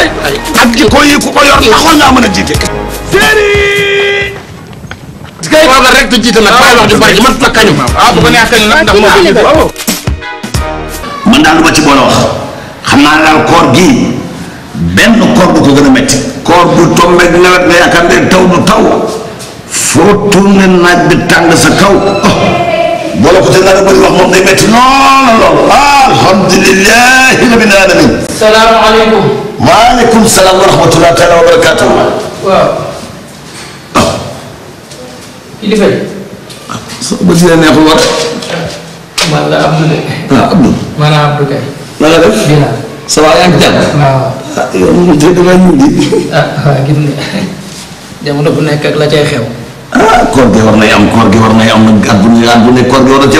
jiite ak jikko yi ku ko yor laxoon nga mën a jiite. séeréer. kay war la rek di jiite nag bàyyi ah, lu ma ci boole wax xam naa daal koor gii benn koor bu ko gën a métti. koor bu tombé nawet nga ne taw du taw foo tourné naaj bi tàng sa kaw oh. boo la ko jël dara bëri wax moom day métti lool lool alhamdulilahi rabbil alamin. salaamaaleykum. maaleykum salaam wa rahmatulah taala wa barakaatu. waaw. kilifa yi. ba si la neexul war. man la Abdou de. ah Abdou. maanaam Abdou Kay. na nga def. dina. ça va yaa ngi jàmm. waaw. ah yow moom dégg naa ñu ngi. ah waaw gis nga jamono bu nekk ak la cay xew. ah koor gi war nay am koor gi war na am nag at bu ne at bu ne koor gi war na ci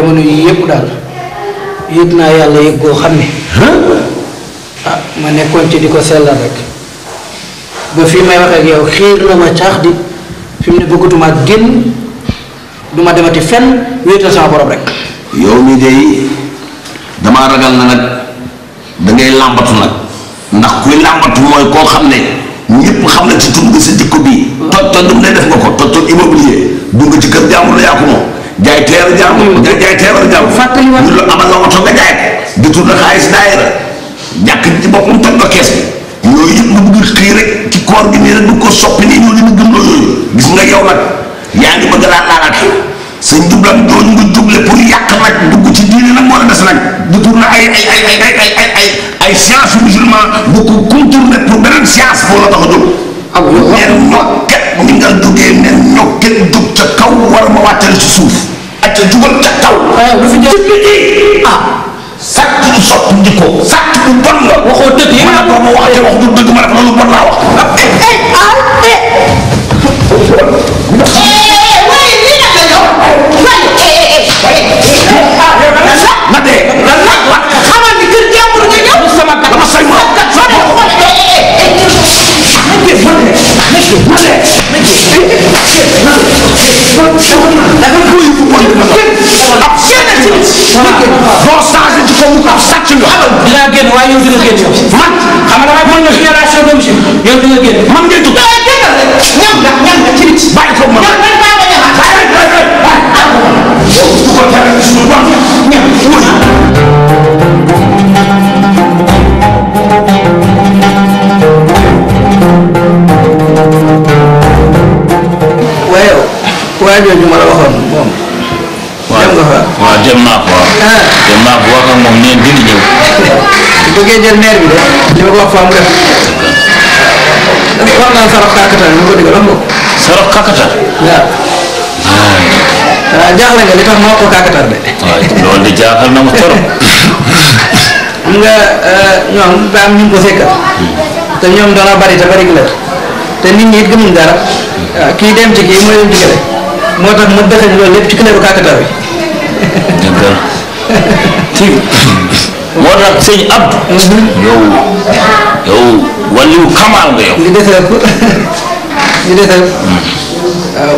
am yii yëpp daal yëg naa yàlla yëg goo xam ne. ah ma nekkoon ci di ko sellal rek ba fii may wax ak xiir na ma caax di fi mu ne bëggatuma génn du ma demati fenn wéetal sama borom rek. yow mii de damaa ragal na nag da ngay nag. ndax kuy làmbatu mooy koo xam ne ñëpp xam na ci tur nga sa jikko bi toj toj dum ne def nga ko toj toj immobilier dugg ci kër jàmbur la yaa ko moom jaay teeral jàmbur mm. nga jaay ko tur la xaalis daayira jàkk ci boppam toj la bi yooyu yëpp lu bëgg xëy rek ci koor gi nii rek du ko soppi nii ñoo li mu gëm yooyu gis nga yow nag yaa ngi bëgg laa laalaat sa njublam jooju nga juble pour yàq nag dugg ci diine nag moo la des nag di ay ay ay ay ay ay ay ay science musulman bu ko contourné pour beneen science boo la tax a jóg. ak ah neen ñokket ni nga jógee neen ñokket jug ca kaw war ma wàccale ci suuf. ak ca jugal ca kaw. Ah, lu fi jël ci ah. sàcc lu sotti njikko. sàcc lu bon la. waxoo dëgg yi ma ne wax te wax du dëgg ma ne ko loolu wax. ah eh, eh, ah, eh. boo changé ci kaw mu kaw sàcc nga. dinaa génn waaye yow dina génn yow. man xam nga damay mën na génération doomu si yow dina génn man. daara jooju ma la waxoon moom. dem nga dem naa ko dem ah. naa ko wax moom nee dina ñëw. bu bëggee jël maire bi de. li ma ko wax faa mu def. Ah, wax naa Saraf Kakata de. waaw loolu na ma torop. xam nga euh, ñoom daa am ñu ko sekkal. Hmm. te ñoom dana bari te bari gi te nit ñi it gëmuñ dara. Hmm. Ah, kii dem ci kii mooy leen digale. moo tax ma defe loolu lépp ci bu kàkkatar bi. d'accord ci moo tax sëñ ab. Mm-hmm. yow yow wàllu kamaal nga yow. ñu desal ko ñu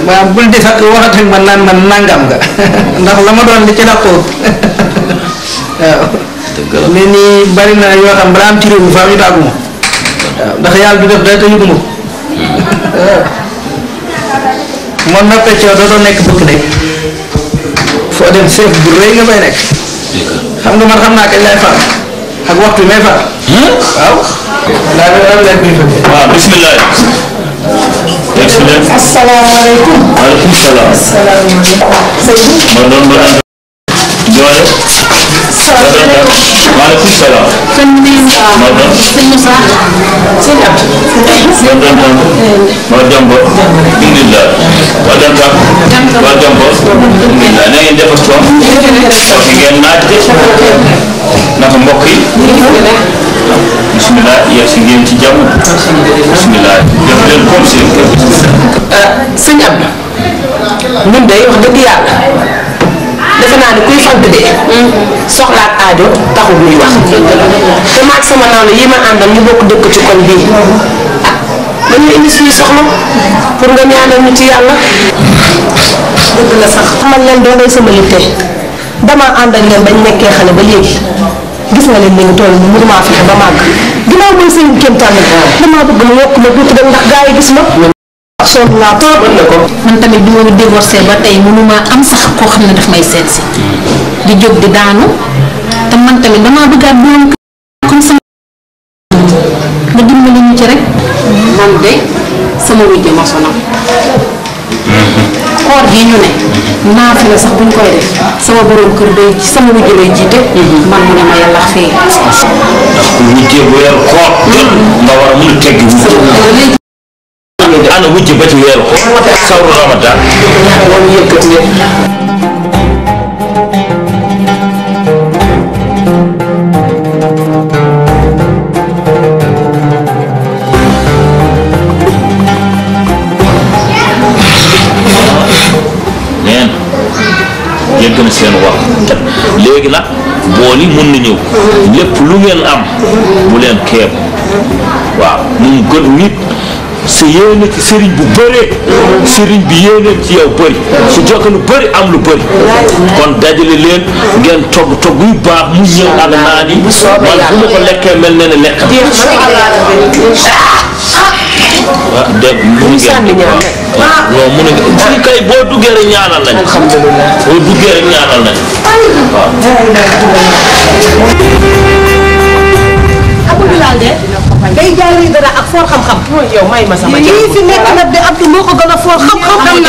ma ko. waaw maanaam nangam nga ndax la ma doon li ci dàqoo waaw. la mais nii bari na yoo xam balaa am ci réew mi faaw ñu dàggu ndax yàlla du def day te yëgu ko mm. man na peccoo dootoo nekk bëgg nekk foo dem seef bu rëy nga bay nekk xam nga man xam naa kañ lay far ak waxtu may far hmm? waaw daa bi ram leen kuy fekk waaw bismillah asalaamaaleykum waaleykum salaam asalaamaaleykum man doon ba naan joole maaleykum salaam. sëñ bi. Maodo. sëñ Moussa. sëñ Abdou. Maodo Ndongo. Maodo Ndongo. alhamdulilah. Maodo Ndongo. Maodo Ndongo. alhamdulilah na ngeen def ak coom. wax ngeen naaj de. naka mbokk yi. bisimilah yegg si ngeen ci jàmm. bisimilah def leen comme si. ah eh, sëñ Abdou. ñun day wax dëgg yàlla. defe naa ne kuy fant de soxla ak aajo taxul muy wax te maag sama naaw la yi ma àndal ñu bokk dëkk ci koñ bii ah dañu indi suñu soxla pour nga ñaanal ñu ci yàlla dëgg la sax xamal leen doolay sama litte dama ànd ak leen bañ nekkee xale ba léegi gis nga leen léegi tool bi mënuma fexe ba màgg ginnaaw mooy seen kéemtaan damaa bëgg mu yokk ma tuuti ndax gaa gis ma sonn naa tamit bi ma la divorcé ba tey mënuma am sax koo xam ne daf may seet di jóg di daanu te man tamit damaa bëggaat doon comme sama. nga dimbali sama wujj ma sonal. Mm-hmm. koor gi mm-hmm. sama borom kër wujj lay jiite. Mm-hmm. man mu ne ma yàlla fee. ndax wujjee bu weer koor. nga war a mën a tegg wujj ba ci weeru ko sawru ramadan yëg na seen wax léegi nag bool lu ngeen am bu leen keeb waaw mu gën nit sa yéene ci sëriñ bu bëree sëriñ bi yéeneem ci yow bëri su jokk lu bëri am lu bëri kon dajale leen ngeen togg togg yu baax mu ñëw ak naan yi man bu ma ko lekkee mel ne lekk waaw ah, dégg nga mu ngi kay boo duggee rek ñaanal nañ boo duggee rek ñaanal nañ day jaay dara ak foor xam-xam. yow may ma sama lii fi nekk nag de Abdou moo ko gën a foor xam-xam. yaram na bu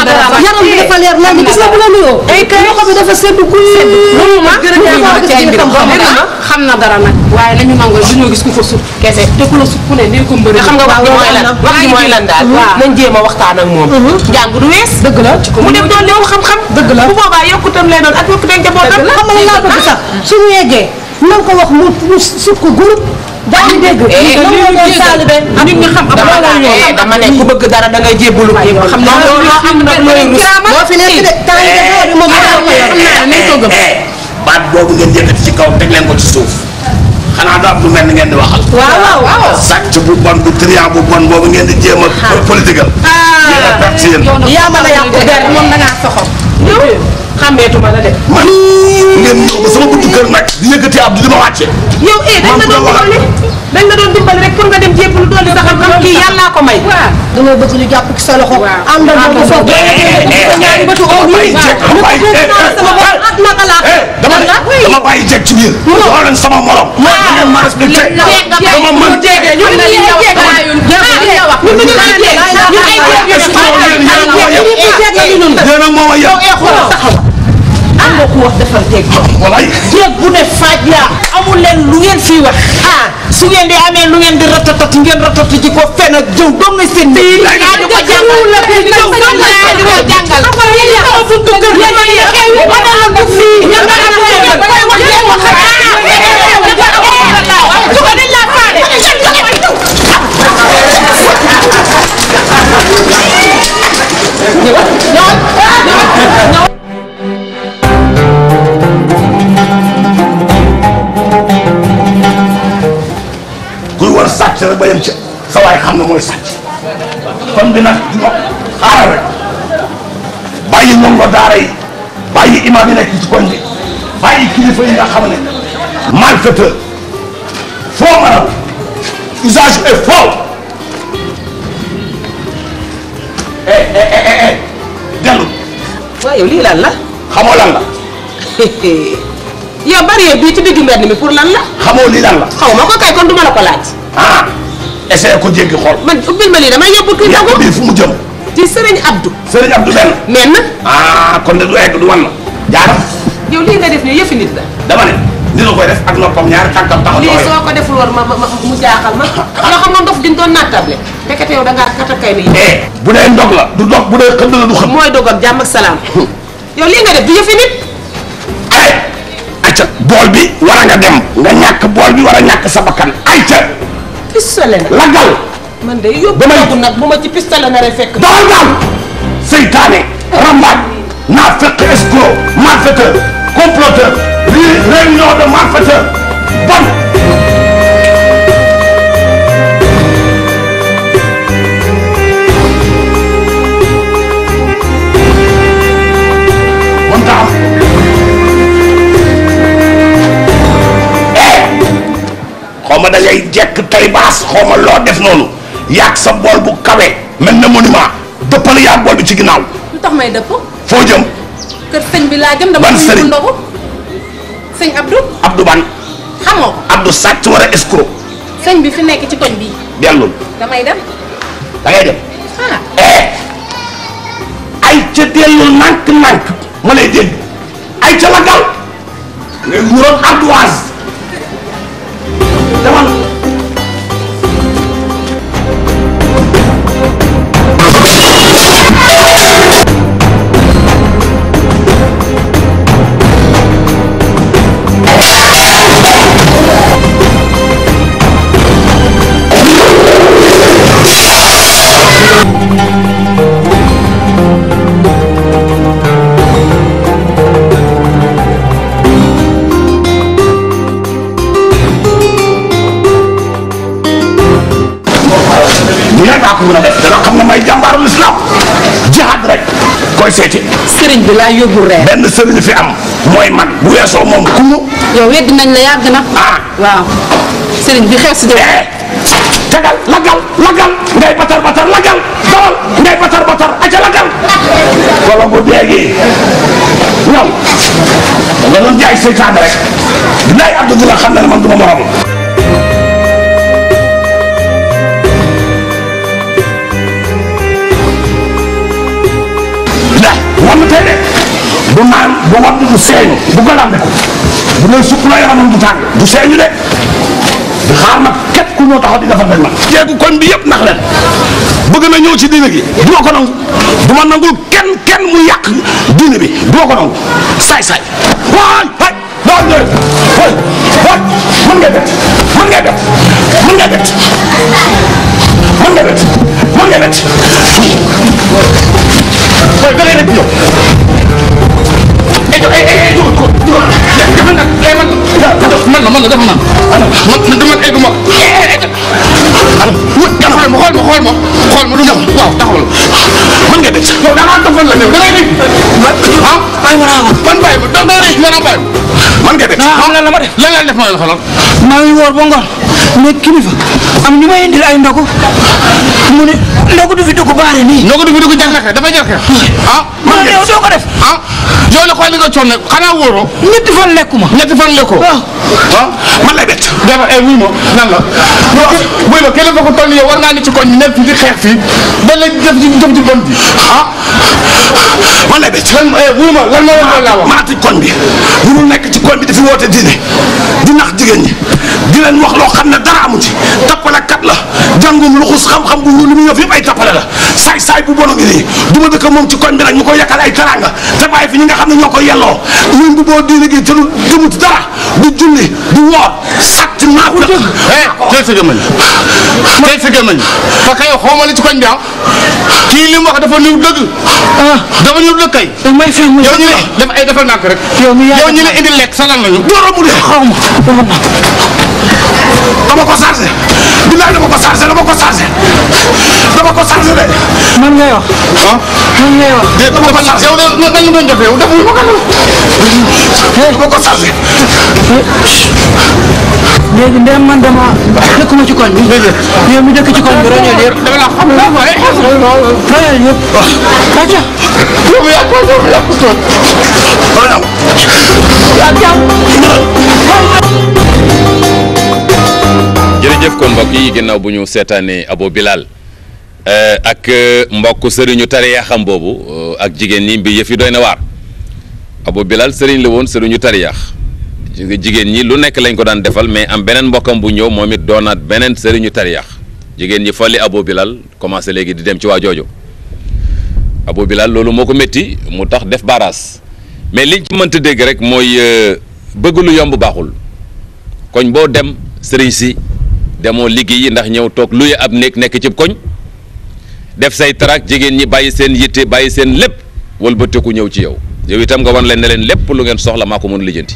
na dara nag waaye lañu nangu rek dañoo gis ku ko sut kese te ku la sut ku ne nee ko mbëri lan wax ji a waxtaan mhm. la mu dem doon xam-xam dëgg la bu boobaa yokkutam lay doon ak yokkutam njabootam xam nga laa bëgg sax suñu yeggee nan ko wax mu sut ko groupe yaa ngi dégg. Eh, nit ñi xam dama ne ku bëgg dara da ngay jébbalu xam ne loolu am na looy rus boo fi nekk de eh, temps yi eh, moom ah, xam baat boobu ngeen yëkkati ci kaw teg leen ko ci suuf xanaa du am lu mel ni ngeen di wax waaw waaw sàcc bu bon bu triant bu bon boobu ngeen di jéem a. Ah. politique am. Ah. yéen a perte yéen. yaa mën a yàqu moom da ngaa soxor xàmmeetuma la de. man ngeen ñëw ba sama buntu kër nag di yëkkati ab li ma wàcce. yow eh dañ la doon dimbali dañ la doon dimbali rek pour nga dem jépp lu doon saxam xam kii yàllaa ko may. waaw dangay bëgg lu jàpp ci sa loxo. waaw àndal ko foog. ñaari bëtu oo nii dama bàyyi jeg dama dama bàyyi jeg ci biir. xool leen sama morom. waaw ngeen ma respecté dama mën ñu ngi lay jéeg ñu ngi lay jéeg am nga ku de defanteeg moom. walaay jéeg bu ne faaj yaa amul leen lu ngeen fii wax. ah su ngeen di lu ngeen di ratatati ngeen ratatu ji ko fenn ak jëw dong na seen. lii la ñu ko la ñu ko jàngal. lii la ñu ko jàngal. dem ca sa waay xam na mooy sàcc kon bi nag xaaral rek bàyyi ndongo daara yi bàyyi imaam yi nekk ci koñ bi bàyyi kilifa yi nga xam ne malfaiteur foo mën a usage est faux eh, eh eh eh eh dellu. waaw yow lii lan la. xamoo lan la. yow bari bii ci diggu mbedd mi pour lan la. xamoo lii lan la. xaw ma ko kay kon du ma la ko laaj. ah. essayé ko jéggi xool. man ubbil damay yóbbu kii Ndago bii fu mu ah, kon de du egg du wan na. jaara. yow lii nga def nii yëfi nit la. def ak noppam ñaari tànkam taxaw. lii soo ko deful woon ma ma mu jaaxal ma. yoo xam nga ndof gi ñu doon naatable. ndekete yow da katakay eh, bu dee ndog la du ndog bu dee xënd la du xënd. mooy dog ak jàmm ak salaam. yow lii nga def du yëfi nit. ay acca bool bi war a nga dem nga ñàkk bool bi war a ñàkk sa bakkan pistole na laggal. man de yóbbu ndogu nag bu ma ci pistole naree fekk. doxal seytaane rambaaj naa fekk escroc malfaiteur comploteur de malfaiteur bon. ma da ngay jekk tay baas loo def noonu yàgg sa bool bu kawe mel na monument dëppal yàgg bool bi ci ginnaaw. lu tax may dëpp. foo jëm. kër sëñ bi laa jëm dama. ban sëriñ dama sëñ Abdou. Abdou ban. xamoo Abdou sàcc war sëñ bi fi nekk ci koñ bii. dellul damay dem. da dem. Ah. Eh! ay ca dellul nànk nànk ma lay dégg ay ca la dal. mais mu maa ko mën a def dana xam ne may jàmbaaru lislaam jihaad rek koy seeti. sëriñ bi laa yóbbu reer. benn sëriñ fi am mooy man bu weesoo moom ku mu. yow wedd nañ la yàgg na. ah waaw sëriñ bi xees de. Eh. tegal lagal lagal ngay batar batar lagal dawal ngay batar batar aca lagal wala bu déegi ñoom da rek dinaay àdduna xam ne man du ma bu wadd du seeñu du galandeku bu dee supp la yaramam du tàng du seeñu de di xaar nag képp ku ñoo tax di defar rek nag jeegu koñ bi yëpp nax leen bëgg na ñëw ci diine gi du ma ko nangu du ma nangul kenn kenn mu yàq diine bi du ma ko nangu saay saay waay waay lan la def ma la xaloon. maa ngi woor ba ngoon kilifa am ñu may indil ay ndogu mu ne ndogu du fi dugg baare nii. ndogu du fi dugg jar na dafay jar ah. man de yow doo ko def ah. yow nag wax dëgg coono nag xanaa wóoroo. ñetti fan lekku ma. di fan lekkoo. waaw ah man lay bett. dafa ay eh, wuy ma nan la. boo ko buy ma kenn ku toll yow war ne ci koñ fii ba léegi def ci jëm ci bon bi ah man lay bett. lan eh, wuy ma lan moo war laa wax. maa tëj kon bi bu nekk ci koñ bi dafi woote diine di nax jigéen ñi di leen wax loo xam ne dara amu ci tappale kat la jàngum luxus xam-xam bu ñu li mu yëf yëpp ay tappale la saay saay bu bon a ngi du ma dëkk moom ci kon bi nag ñu ko yàqal ay taranga te fi ñi nga xam ne ñoo ko yelloo ñun bu boo di gi jëlu jëmu ci dara du julli du woor sàcc naa ko dëgg teel eh, sa gémmañ teel sa gémmañ parce que yow xawma li ci koñ bi ah kii li mu wax dafa niw dëgg ah. dafa niw dëgg kay eh, yow ñu ne def ay defal nànk rek yow ñu ne indi lekk sa lan lañu doro mu de xawma dama ko chargé billaay dama ko chargé dama ko chargé dama ko chargé de. man ngay wax. ah man ngay wax. de dama ko chargé yow de dañu doon jafe yow defuñu ko kenn. dama ko chargé. léegi ndem man dama dëkkuma ci koñ bi. déedéet yow mi dëkk ci koñ bi rajo yëpp. dama la xam lan mooy. rajo yëpp. rajo. yow yaa ko yow yaa ko toog. kon mbokk yi ginnaaw bu ñu seetaanee Abo Bilal eh, ak eh, mbokk sëriñu tariyaaxam boobu eh, ak jigéen ñi bi yëf yi doy na waar Abo Bilal sëriñ la woon sëriñu tariyaax jigéen ñi lu nekk lañ ko daan defal mais am beneen mbokkam bu ñëw moom it doonaat beneen sëriñu tariyaax jigéen ñi folli Abo Bilal commencé léegi di dem ci waa jooju Abo Bilal loolu moo ko métti mu tax def baaraas mais liñ ci mënta dégg rek mooy bëggulu lu yomb baaxul koñ boo dem sëriñ si. demoo liggéeyi ndax ñëw toog luye ab néeg nekk ci koñ def say tarak jigéen ñi bàyyi seen yitte bàyyi seen lépp wëlbatiku ñëw ci yow yow itam nga wan leen ne leen lépp lu ngeen soxla maa ko mën lijjanti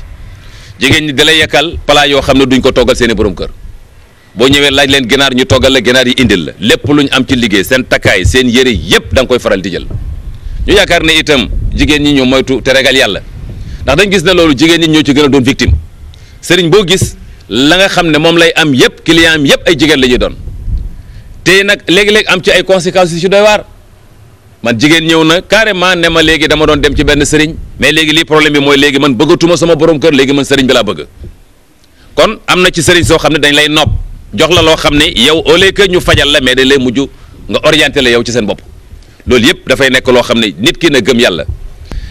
jigéen ñi dalay yekkal palaa yoo xam ne duñ ko toggal seen i borom kër boo ñëwee laaj leen ginaar ñu toggal la ginaar yi indil la lépp lu ñu am ci liggéey seen takkaay seen yëre yépp danga koy faral di jël ñu yaakaar ne itam jigéen ñi ñoo moytu te regal yàlla ndax dañ gis ne loolu jigéen ñi ñoo ci gën a doon victime sëriñ boo la nga xam ne moom lay am yëpp client am yëpp ay jigéen la ñuy doon tey nag léegi-léegi am ci ay conséquences yu ci doy waar man jigéen ñëw na carrément ne ma léegi dama doon dem ci benn sëriñ mais léegi li problème bi mooy léegi man bëggatuma sama borom kër léegi man sëriñ bi laa bëgg kon am na ci sëriñ soo xam ne dañ lay nopp jox la loo xam ne yow au lieu que ñu fajal la mais dañ lay mujj nga orienté la yow ci seen bopp loolu yëpp dafay nekk loo xam ne nit ki na gëm yàlla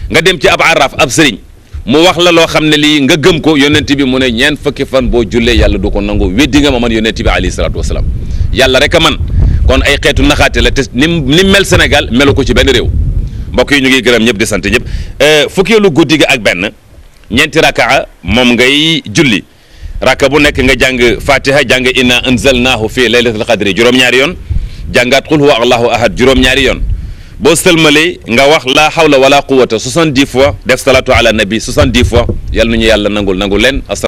nga dem ci ab araf ab sëriñ mu wax la loo xam ne lii nga gëm ko yonent bi mu ne ñeent fukki fan boo jullee yàlla du ko nangu weddi nga ma man yonent bi alayhi salaatu wasalaam yàlla rek a man kon ay xeetu naxaate la te ni ni mel Sénégal melu ko ci benn réew mbokk yi ñu ngi gërëm ñëpp di sant ñëpp euh, fukkeelu guddi gi ak benn ñeenti rakaa moom ngay julli raka bu nekk nga jàng fatiha jàng inna anzalnaahu fii laylatul qadri juróom-ñaari yoon jàngaat qul huwa allahu ahad juróom-ñaari yoon boo sëlmalee nga wax laa hawla wala quwata soixante-dix fois def salaatu ala nabi soixante-dix fois yal na ñu yàlla nangul nangul leen